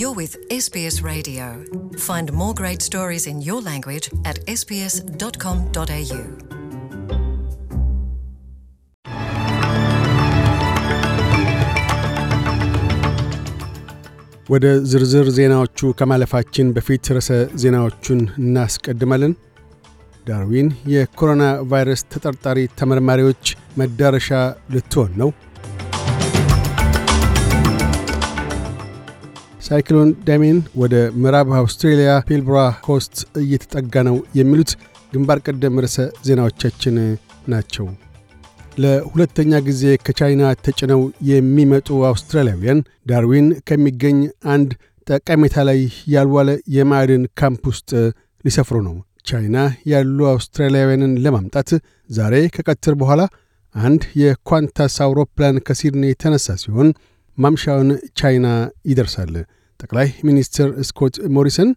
You're with SBS Radio. Find more great stories in your language at sbs.com.au. ወደ ዝርዝር ዜናዎቹ ከማለፋችን በፊት ርዕሰ ዜናዎቹን እናስቀድማለን። ዳርዊን የኮሮና ቫይረስ ተጠርጣሪ ተመርማሪዎች መዳረሻ ልትሆን ነው። ሳይክሎን ዳሜን ወደ ምዕራብ አውስትሬልያ ፔልብራ ኮስት እየተጠጋ ነው የሚሉት ግንባር ቀደም ርዕሰ ዜናዎቻችን ናቸው። ለሁለተኛ ጊዜ ከቻይና ተጭነው የሚመጡ አውስትራሊያውያን ዳርዊን ከሚገኝ አንድ ጠቀሜታ ላይ ያልዋለ የማዕድን ካምፕ ውስጥ ሊሰፍሩ ነው። ቻይና ያሉ አውስትራሊያውያንን ለማምጣት ዛሬ ከቀትር በኋላ አንድ የኳንታስ አውሮፕላን ከሲድኒ የተነሳ ሲሆን ማምሻውን ቻይና ይደርሳል። ጠቅላይ ሚኒስትር ስኮት ሞሪሰን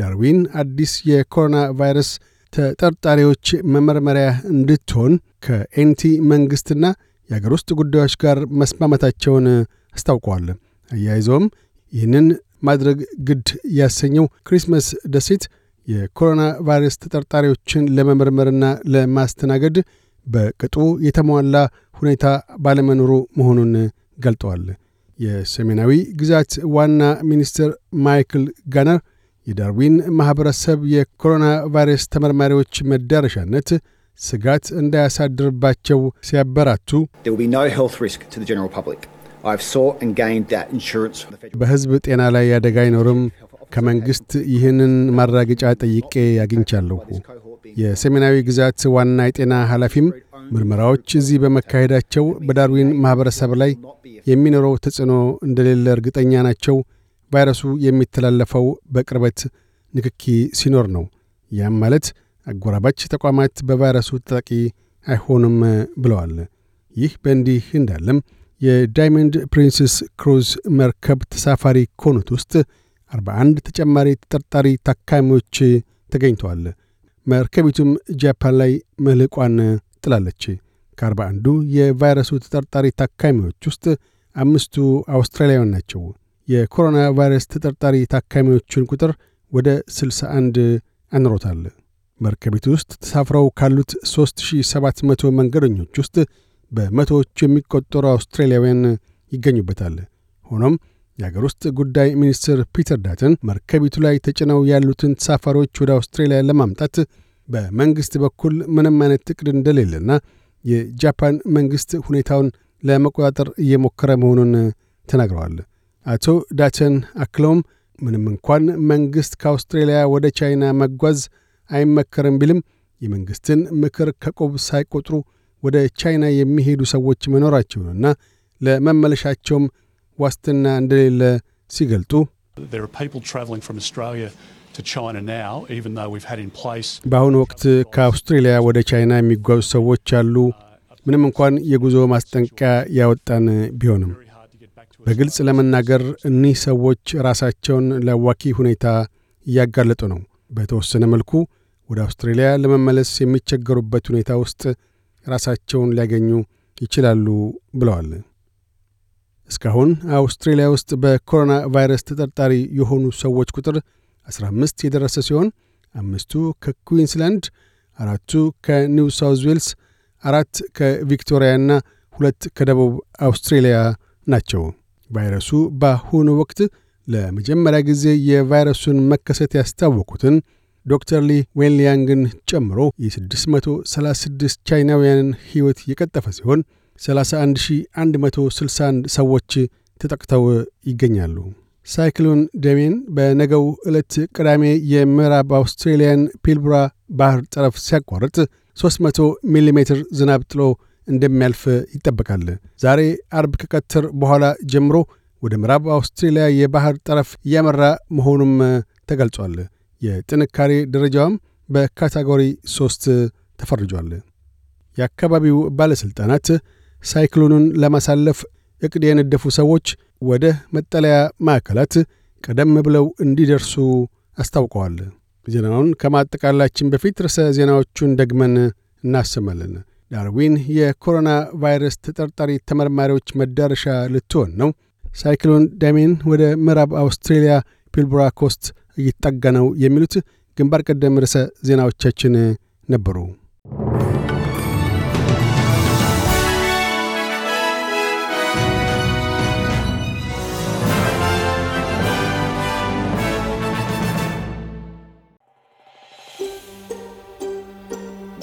ዳርዊን አዲስ የኮሮና ቫይረስ ተጠርጣሪዎች መመርመሪያ እንድትሆን ከኤንቲ መንግሥትና የአገር ውስጥ ጉዳዮች ጋር መስማማታቸውን አስታውቀዋል። አያይዘውም ይህንን ማድረግ ግድ ያሰኘው ክሪስመስ ደሴት የኮሮና ቫይረስ ተጠርጣሪዎችን ለመመርመርና ለማስተናገድ በቅጡ የተሟላ ሁኔታ ባለመኖሩ መሆኑን ገልጠዋል። የሰሜናዊ ግዛት ዋና ሚኒስትር ማይክል ጋነር የዳርዊን ማኅበረሰብ የኮሮና ቫይረስ ተመርማሪዎች መዳረሻነት ስጋት እንዳያሳድርባቸው ሲያበራቱ በሕዝብ ጤና ላይ አደጋ አይኖርም። ከመንግሥት ይህንን ማራገጫ ጠይቄ አግኝቻለሁ። የሰሜናዊ ግዛት ዋና የጤና ኃላፊም ምርመራዎች እዚህ በመካሄዳቸው በዳርዊን ማኅበረሰብ ላይ የሚኖረው ተጽዕኖ እንደሌለ እርግጠኛ ናቸው። ቫይረሱ የሚተላለፈው በቅርበት ንክኪ ሲኖር ነው። ያም ማለት አጎራባች ተቋማት በቫይረሱ ተጠቂ አይሆኑም ብለዋል። ይህ በእንዲህ እንዳለም የዳይመንድ ፕሪንስስ ክሩዝ መርከብ ተሳፋሪ ከሆኑት ውስጥ 41 ተጨማሪ ተጠርጣሪ ታካሚዎች ተገኝተዋል። መርከቢቱም ጃፓን ላይ መልሕቋን ጥላለች። ከአርባ አንዱ የቫይረሱ ተጠርጣሪ ታካሚዎች ውስጥ አምስቱ አውስትራሊያውያን ናቸው። የኮሮና ቫይረስ ተጠርጣሪ ታካሚዎቹን ቁጥር ወደ 61 አንሮታል። መርከቢቱ ውስጥ ተሳፍረው ካሉት 3700 መንገደኞች ውስጥ በመቶዎቹ የሚቆጠሩ አውስትራሊያውያን ይገኙበታል። ሆኖም የአገር ውስጥ ጉዳይ ሚኒስትር ፒተር ዳትን መርከቢቱ ላይ ተጭነው ያሉትን ተሳፋሪዎች ወደ አውስትሬልያ ለማምጣት በመንግሥት በኩል ምንም አይነት እቅድ እንደሌለና የጃፓን መንግሥት ሁኔታውን ለመቆጣጠር እየሞከረ መሆኑን ተናግረዋል። አቶ ዳቸን አክለውም ምንም እንኳን መንግሥት ከአውስትሬልያ ወደ ቻይና መጓዝ አይመከርም ቢልም የመንግሥትን ምክር ከቆብ ሳይቆጥሩ ወደ ቻይና የሚሄዱ ሰዎች መኖራቸውንና ለመመለሻቸውም ዋስትና እንደሌለ ሲገልጡ በአሁኑ ወቅት ከአውስትሬልያ ወደ ቻይና የሚጓዙ ሰዎች አሉ፣ ምንም እንኳን የጉዞ ማስጠንቀቂያ ያወጣን ቢሆንም። በግልጽ ለመናገር እኒህ ሰዎች ራሳቸውን ለአዋኪ ሁኔታ እያጋለጡ ነው። በተወሰነ መልኩ ወደ አውስትሬልያ ለመመለስ የሚቸገሩበት ሁኔታ ውስጥ ራሳቸውን ሊያገኙ ይችላሉ ብለዋል። እስካሁን አውስትሬልያ ውስጥ በኮሮና ቫይረስ ተጠርጣሪ የሆኑ ሰዎች ቁጥር 15 የደረሰ ሲሆን አምስቱ ከኩዊንስላንድ፣ አራቱ ከኒው ሳውዝ ዌልስ፣ አራት ከቪክቶሪያና ሁለት ከደቡብ አውስትሬልያ ናቸው። ቫይረሱ በአሁኑ ወቅት ለመጀመሪያ ጊዜ የቫይረሱን መከሰት ያስታወቁትን ዶክተር ሊ ዌንሊያንግን ጨምሮ የ636 ቻይናውያንን ሕይወት የቀጠፈ ሲሆን 31161 ሰዎች ተጠቅተው ይገኛሉ። ሳይክሎን ደሜን በነገው ዕለት ቅዳሜ የምዕራብ አውስትሬልያን ፒልቡራ ባህር ጠረፍ ሲያቋርጥ 300 ሚሜ ዝናብ ጥሎ እንደሚያልፍ ይጠበቃል። ዛሬ አርብ ከቀትር በኋላ ጀምሮ ወደ ምዕራብ አውስትሬልያ የባህር ጠረፍ እያመራ መሆኑም ተገልጿል። የጥንካሬ ደረጃዋም በካታጎሪ 3 ተፈርጇል። የአካባቢው ባለሥልጣናት ሳይክሎኑን ለማሳለፍ ዕቅድ የነደፉ ሰዎች ወደ መጠለያ ማዕከላት ቀደም ብለው እንዲደርሱ አስታውቀዋል። ዜናውን ከማጠቃላችን በፊት ርዕሰ ዜናዎቹን ደግመን እናሰማለን። ዳርዊን የኮሮና ቫይረስ ተጠርጣሪ ተመርማሪዎች መዳረሻ ልትሆን ነው። ሳይክሎን ዳሜን ወደ ምዕራብ አውስትሬልያ ፒልቡራ ኮስት እየተጠጋ ነው። የሚሉት ግንባር ቀደም ርዕሰ ዜናዎቻችን ነበሩ።